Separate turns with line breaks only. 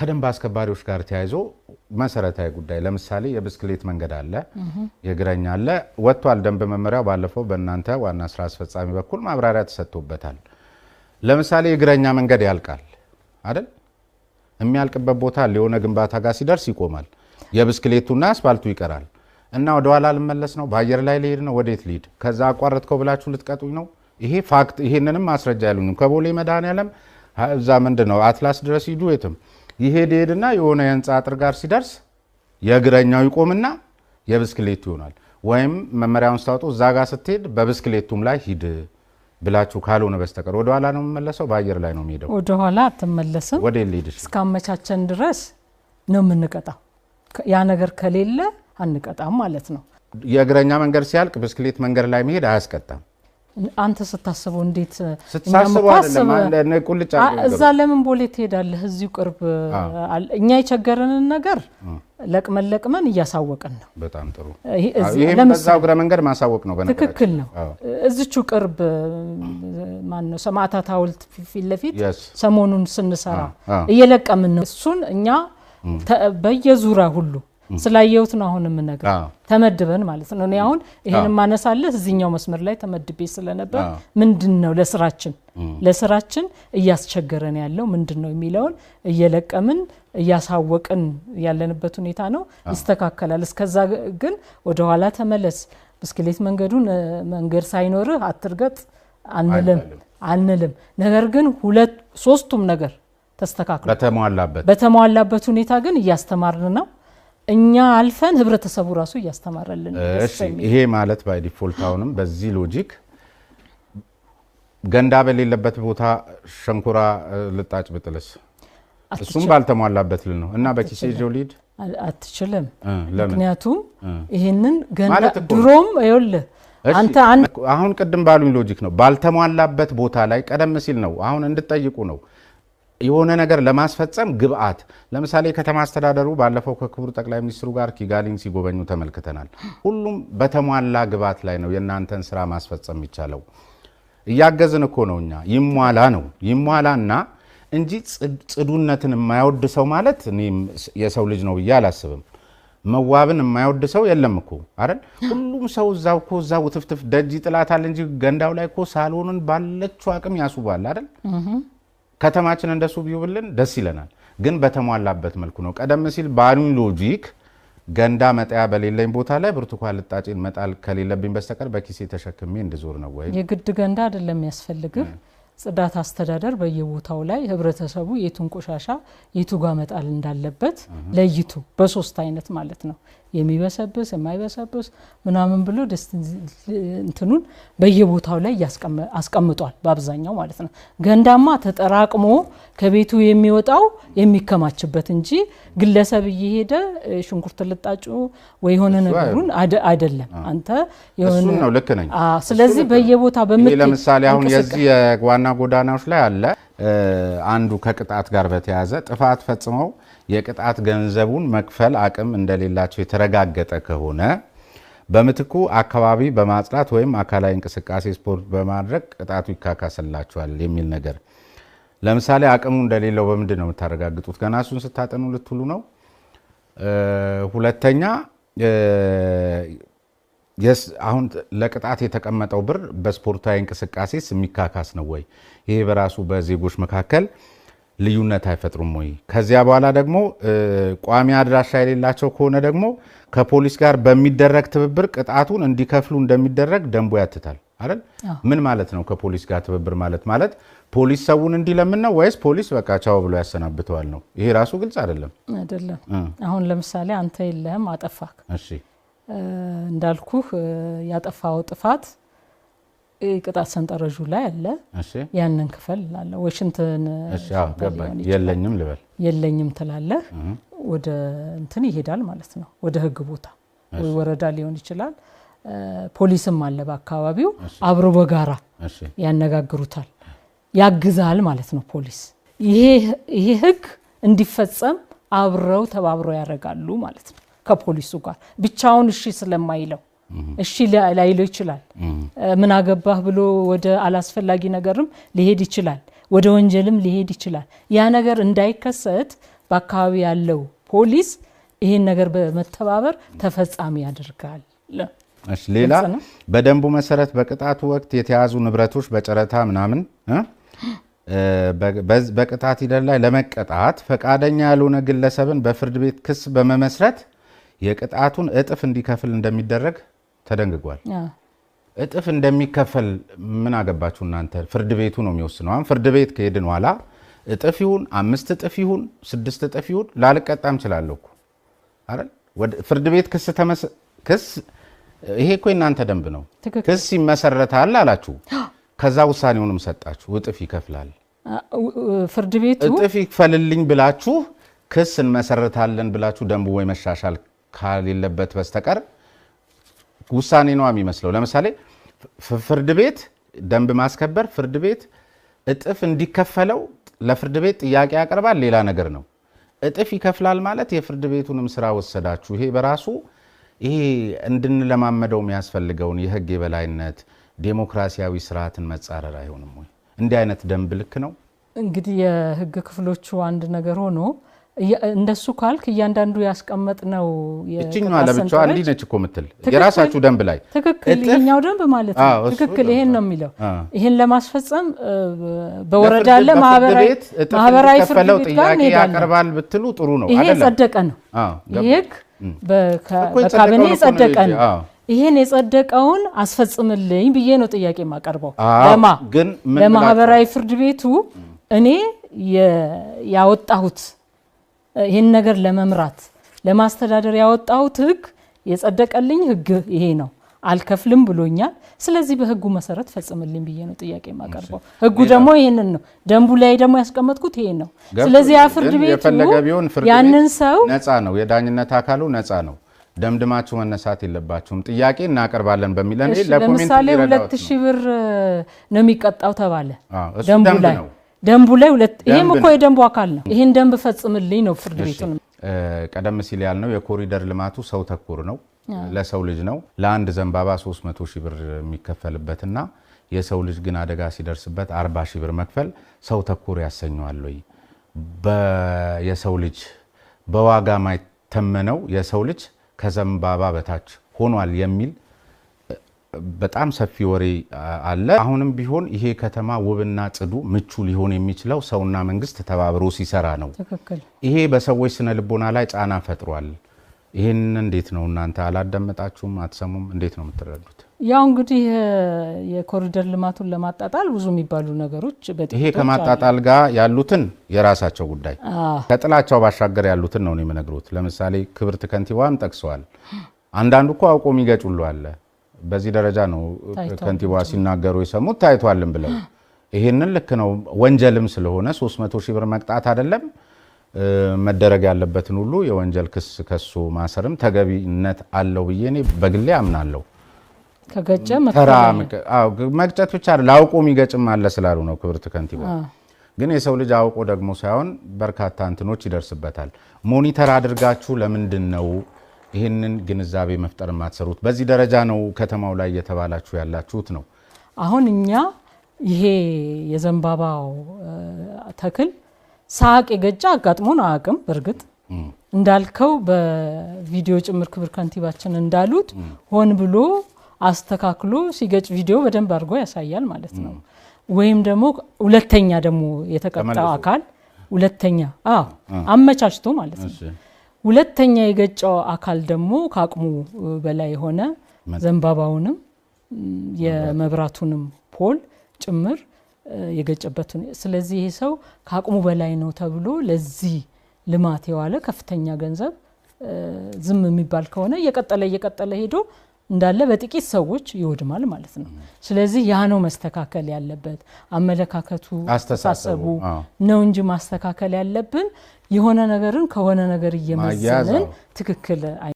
ከደንብ አስከባሪዎች ጋር ተያይዞ መሰረታዊ ጉዳይ ለምሳሌ የብስክሌት መንገድ አለ፣ የእግረኛ አለ። ወጥቷል ደንብ መመሪያው ባለፈው በእናንተ ዋና ስራ አስፈጻሚ በኩል ማብራሪያ ተሰጥቶበታል። ለምሳሌ የእግረኛ መንገድ ያልቃል አይደል? የሚያልቅበት ቦታ ሊሆነ ግንባታ ጋር ሲደርስ ይቆማል። የብስክሌቱና አስፋልቱ ይቀራል እና ወደ ኋላ ልመለስ ነው፣ በአየር ላይ ሊሄድ ነው፣ ወዴት ሊሄድ ከዛ አቋረጥከው ብላችሁ ልትቀጡኝ ነው። ይሄ ፋክት፣ ይሄንንም ማስረጃ ያሉኝም ከቦሌ መድኃኔዓለም እዛ ምንድን ነው አትላስ ድረስ ሂዱ የትም ይሄድ ሄድና የሆነ የህንፃ አጥር ጋር ሲደርስ የእግረኛው ይቆምና የብስክሌቱ ይሆናል። ወይም መመሪያውን ስታወጡ እዛ ጋር ስትሄድ በብስክሌቱም ላይ ሂድ ብላችሁ ካልሆነ በስተቀር ወደኋላ ነው የምመለሰው። በአየር ላይ ነው የሚሄደው።
ወደኋላ አትመለስም። ወደ ሌድሽ እስካመቻቸን ድረስ ነው የምንቀጣው። ያ ነገር ከሌለ አንቀጣም ማለት ነው።
የእግረኛ መንገድ ሲያልቅ ብስክሌት መንገድ ላይ መሄድ አያስቀጣም።
አንተ ስታስበው እንዴት ቁልጭ እዛ ለምን ቦሌ ትሄዳለህ? እዚሁ ቅርብ እኛ የቸገረንን ነገር ለቅመን ለቅመን እያሳወቅን ነው።
በጣም ጥሩ። ይህም እግረ መንገድ ማሳወቅ ነው።
ትክክል ነው። እዚቹ ቅርብ ማነው ሰማዕታት ሐውልት ፊት ለፊት ሰሞኑን ስንሰራ እየለቀምን ነው። እሱን እኛ በየዙሪያ ሁሉ ስላየሁት ነው አሁን የምነግርህ። ተመድበን ማለት ነው። እኔ አሁን ይሄን ማነሳለህ እዚህኛው መስመር ላይ ተመድቤ ስለነበር ምንድን ነው ለስራችን ለስራችን እያስቸገረን ያለው ምንድን ነው የሚለውን እየለቀምን እያሳወቅን ያለንበት ሁኔታ ነው። ይስተካከላል። እስከዛ ግን ወደኋላ ተመለስ፣ ብስክሌት መንገዱን መንገድ ሳይኖርህ አትርገጥ አንልም አንልም። ነገር ግን ሁለት ሶስቱም ነገር ተስተካክሎ በተሟላበት ሁኔታ ግን እያስተማርን ነው። እኛ አልፈን ህብረተሰቡ ራሱ እያስተማረልን።
ይሄ ማለት ባይ ዲፎልት አሁንም በዚህ ሎጂክ ገንዳ በሌለበት ቦታ ሸንኮራ ልጣጭ ብጥልስ እሱም ባልተሟላበት ል ነው እና በኪሴ ጆሊድ
አትችልም። ምክንያቱም ይህንን ገንዳ ድሮም ይኸውልህ
አንተ አሁን ቅድም ባሉኝ ሎጂክ ነው ባልተሟላበት ቦታ ላይ ቀደም ሲል ነው አሁን እንድጠይቁ ነው የሆነ ነገር ለማስፈጸም ግብአት ለምሳሌ ከተማ አስተዳደሩ ባለፈው ከክቡር ጠቅላይ ሚኒስትሩ ጋር ኪጋሊን ሲጎበኙ ተመልክተናል። ሁሉም በተሟላ ግብአት ላይ ነው የእናንተን ስራ ማስፈጸም የሚቻለው። እያገዝን እኮ ነው እኛ። ይሟላ ነው ይሟላና እንጂ ጽዱነትን የማይወድ ሰው ማለት እኔም የሰው ልጅ ነው ብዬ አላስብም። መዋብን የማይወድ ሰው የለም እኮ አይደል? ሁሉም ሰው እዛው እኮ እዛው ውትፍትፍ ደጅ ይጥላታል እንጂ ገንዳው ላይ እኮ ሳሎንን ባለችው አቅም ያስውባል አይደል? ከተማችን እንደሱ ቢውብልን ደስ ይለናል፣ ግን በተሟላበት መልኩ ነው። ቀደም ሲል ባሉኝ ሎጂክ ገንዳ መጣያ በሌለኝ ቦታ ላይ ብርቱካን ልጣጭን መጣል ከሌለብኝ በስተቀር በኪሴ ተሸክሜ እንድዞር ነው ወይ?
የግድ ገንዳ አይደለም ያስፈልግም። ጽዳት አስተዳደር በየቦታው ላይ ህብረተሰቡ የቱን ቆሻሻ የቱ ጋ መጣል እንዳለበት ለይቱ በሶስት አይነት ማለት ነው የሚበሰብስ የማይበሰብስ ምናምን ብሎ እንትኑን በየቦታው ላይ አስቀምጧል። በአብዛኛው ማለት ነው። ገንዳማ ተጠራቅሞ ከቤቱ የሚወጣው የሚከማችበት እንጂ ግለሰብ እየሄደ ሽንኩርት ልጣጩ ወይ የሆነ ነገሩን አይደለም። አንተ ነው ልክ ነኝ። ስለዚህ በየቦታ
ለምሳሌ አሁን የዚህ የዋና ጎዳናዎች ላይ አለ አንዱ ከቅጣት ጋር በተያያዘ ጥፋት ፈጽመው የቅጣት ገንዘቡን መክፈል አቅም እንደሌላቸው የተረጋገጠ ከሆነ በምትኩ አካባቢ በማጽዳት ወይም አካላዊ እንቅስቃሴ ስፖርት በማድረግ ቅጣቱ ይካካስላቸዋል የሚል ነገር። ለምሳሌ አቅሙ እንደሌለው በምንድን ነው የምታረጋግጡት? ገና እሱን ስታጠኑ ልትሉ ነው። ሁለተኛ አሁን ለቅጣት የተቀመጠው ብር በስፖርታዊ እንቅስቃሴስ የሚካካስ ነው ወይ? ይሄ በራሱ በዜጎች መካከል ልዩነት አይፈጥሩም ወይ? ከዚያ በኋላ ደግሞ ቋሚ አድራሻ የሌላቸው ከሆነ ደግሞ ከፖሊስ ጋር በሚደረግ ትብብር ቅጣቱን እንዲከፍሉ እንደሚደረግ ደንቡ ያትታል አይደል? ምን ማለት ነው? ከፖሊስ ጋር ትብብር ማለት ማለት ፖሊስ ሰውን እንዲለምን ነው ወይስ ፖሊስ በቃ ቻው ብሎ ያሰናብተዋል ነው? ይሄ ራሱ ግልጽ አይደለም።
አይደለም። አሁን ለምሳሌ አንተ የለህም አጠፋክ፣ እንዳልኩህ ያጠፋው ጥፋት ቅጣት ሰንጠረዡ ላይ አለ። ያንን ክፈል ላለ ወይ
የለኝም ልበል
የለኝም ትላለህ። ወደ እንትን ይሄዳል ማለት ነው። ወደ ህግ ቦታ ወይ ወረዳ ሊሆን ይችላል። ፖሊስም አለ በአካባቢው አብሮ በጋራ ያነጋግሩታል፣ ያግዛል ማለት ነው ፖሊስ። ይሄ ህግ እንዲፈጸም አብረው ተባብረው ያደርጋሉ ማለት ነው ከፖሊሱ ጋር ብቻውን እሺ ስለማይለው እሺ ላይሎ ይችላል። ምን አገባህ ብሎ ወደ አላስፈላጊ ነገርም ሊሄድ ይችላል፣ ወደ ወንጀልም ሊሄድ ይችላል። ያ ነገር እንዳይከሰት በአካባቢ ያለው ፖሊስ ይህን ነገር በመተባበር ተፈጻሚ ያደርጋል።
ሌላ በደንቡ መሰረት በቅጣቱ ወቅት የተያዙ ንብረቶች በጨረታ ምናምን በቅጣት ሂደት ላይ ለመቀጣት ፈቃደኛ ያልሆነ ግለሰብን በፍርድ ቤት ክስ በመመስረት የቅጣቱን እጥፍ እንዲከፍል እንደሚደረግ ተደንግጓል። እጥፍ እንደሚከፈል ምን አገባችሁ እናንተ? ፍርድ ቤቱ ነው የሚወስነው። አሁን ፍርድ ቤት ከሄድን ኋላ እጥፍ ይሁን አምስት እጥፍ ይሁን ስድስት እጥፍ ይሁን ላልቀጣም እችላለሁ ፍርድ ቤት ክስ ክስ ይሄ እኮ የእናንተ ደንብ ነው። ክስ ይመሰረታል አላችሁ፣ ከዛ ውሳኔውንም ሰጣችሁ። እጥፍ ይከፍላል ፍርድ ቤቱ እጥፍ ይክፈልልኝ ብላችሁ ክስ እንመሰረታለን ብላችሁ ደንቡ ወይ መሻሻል ከሌለበት በስተቀር ውሳኔ ነዋ የሚመስለው። ለምሳሌ ፍርድ ቤት ደንብ ማስከበር ፍርድ ቤት እጥፍ እንዲከፈለው ለፍርድ ቤት ጥያቄ ያቀርባል። ሌላ ነገር ነው። እጥፍ ይከፍላል ማለት የፍርድ ቤቱንም ስራ ወሰዳችሁ። ይሄ በራሱ ይሄ እንድንለማመደው የሚያስፈልገውን የህግ የበላይነት ዴሞክራሲያዊ ስርዓትን መጻረር አይሆንም ወይ? እንዲህ አይነት ደንብ ልክ ነው።
እንግዲህ የህግ ክፍሎቹ አንድ ነገር ሆኖ እንደሱ ካልክ እያንዳንዱ ያስቀመጥ ነው።
እችኛዋ ለብቻዋ እንዲህ ነች እኮ ምትል የራሳችሁ ደንብ ላይ
ትክክል፣ ይሄኛው ደንብ ማለት ነው። ትክክል፣ ይሄን ነው የሚለው። ይሄን ለማስፈጸም በወረዳ አለ ማህበራዊ ፍርድ ቤት ጋር ያቀርባል ብትሉ ጥሩ ነው። ይሄ የጸደቀ ነው። ይሄ በካቢኔ የጸደቀ ነው። ይሄን የጸደቀውን አስፈጽምልኝ ብዬ ነው ጥያቄ የማቀርበው ለማ ለማህበራዊ ፍርድ ቤቱ እኔ ያወጣሁት ይህን ነገር ለመምራት ለማስተዳደር ያወጣሁት ህግ የጸደቀልኝ ህግ ይሄ ነው አልከፍልም ብሎኛል። ስለዚህ በህጉ መሰረት ፈጽምልኝ ብዬ ነው ጥያቄ የማቀርበው። ህጉ ደግሞ ይህንን ነው፣ ደንቡ ላይ ደግሞ ያስቀመጥኩት ይሄን ነው። ስለዚህ ያ ፍርድ ቤቱ ያንን ሰው
ነፃ ነው፣ የዳኝነት አካሉ ነፃ ነው። ደምድማችሁ መነሳት የለባችሁም፣ ጥያቄ እናቀርባለን በሚለን ለምሳሌ
ሁለት ሺህ ብር ነው የሚቀጣው ተባለ ደንቡ ላይ ደንቡ ላይ ሁለት ይሄም እኮ የደንቡ አካል ነው። ይሄን ደንብ ፈጽምልኝ ነው ፍርድ ቤቱን።
ቀደም ሲል ያልነው የኮሪደር ልማቱ ሰው ተኮር ነው፣ ለሰው ልጅ ነው። ለአንድ ዘንባባ 300 ሺህ ብር የሚከፈልበትና የሰው ልጅ ግን አደጋ ሲደርስበት 40 ሺህ ብር መክፈል ሰው ተኮር ያሰኘዋል ወይ? የሰው ልጅ በዋጋ ማይተመነው የሰው ልጅ ከዘንባባ በታች ሆኗል የሚል በጣም ሰፊ ወሬ አለ። አሁንም ቢሆን ይሄ ከተማ ውብና ጽዱ፣ ምቹ ሊሆን የሚችለው ሰውና መንግስት ተባብሮ ሲሰራ ነው። ይሄ በሰዎች ስነ ልቦና ላይ ጫና ፈጥሯል። ይህን እንዴት ነው እናንተ አላዳመጣችሁም? አትሰሙም? እንዴት ነው የምትረዱት?
ያው እንግዲህ የኮሪደር ልማቱን ለማጣጣል ብዙ የሚባሉ ነገሮች
ይሄ ከማጣጣል ጋር ያሉትን የራሳቸው ጉዳይ ከጥላቻው ባሻገር ያሉትን ነው እኔ የምነግሮት። ለምሳሌ ክብርት ከንቲባም ጠቅሰዋል። አንዳንዱ እኮ አውቆ የሚገጭሉ አለ በዚህ ደረጃ ነው ከንቲባ ሲናገሩ የሰሙት ታይቷልም ብለው ይህንን ልክ ነው ወንጀልም ስለሆነ 300 ሺህ ብር መቅጣት አይደለም መደረግ ያለበትን ሁሉ የወንጀል ክስ ከሱ ማሰርም ተገቢነት አለው ብዬ እኔ በግሌ አምናለሁ። መግጨት ብቻ አውቆ የሚገጭም አለ ስላሉ ነው ክብርት ከንቲባ። ግን የሰው ልጅ አውቆ ደግሞ ሳይሆን በርካታ እንትኖች ይደርስበታል። ሞኒተር አድርጋችሁ ለምንድን ነው ይህንን ግንዛቤ መፍጠር የማትሰሩት በዚህ ደረጃ ነው ከተማው ላይ እየተባላችሁ ያላችሁት ነው።
አሁን እኛ ይሄ የዘንባባው ተክል ሳቅ የገጫ አጋጥሞን አያውቅም። በእርግጥ እንዳልከው በቪዲዮ ጭምር ክብር ከንቲባችን እንዳሉት ሆን ብሎ አስተካክሎ ሲገጭ ቪዲዮ በደንብ አድርጎ ያሳያል ማለት ነው። ወይም ደግሞ ሁለተኛ ደግሞ የተቀጣው አካል ሁለተኛ አዎ አመቻችቶ ማለት ነው ሁለተኛ የገጫው አካል ደግሞ ከአቅሙ በላይ የሆነ ዘንባባውንም የመብራቱንም ፖል ጭምር የገጨበት ስለዚህ ይሄ ሰው ከአቅሙ በላይ ነው ተብሎ ለዚህ ልማት የዋለ ከፍተኛ ገንዘብ ዝም የሚባል ከሆነ እየቀጠለ እየቀጠለ ሄዶ እንዳለ በጥቂት ሰዎች ይወድማል ማለት ነው። ስለዚህ ያ ነው መስተካከል ያለበት አመለካከቱ፣
አስተሳሰቡ
ነው እንጂ ማስተካከል ያለብን የሆነ ነገርን ከሆነ ነገር እየመሰልን ትክክል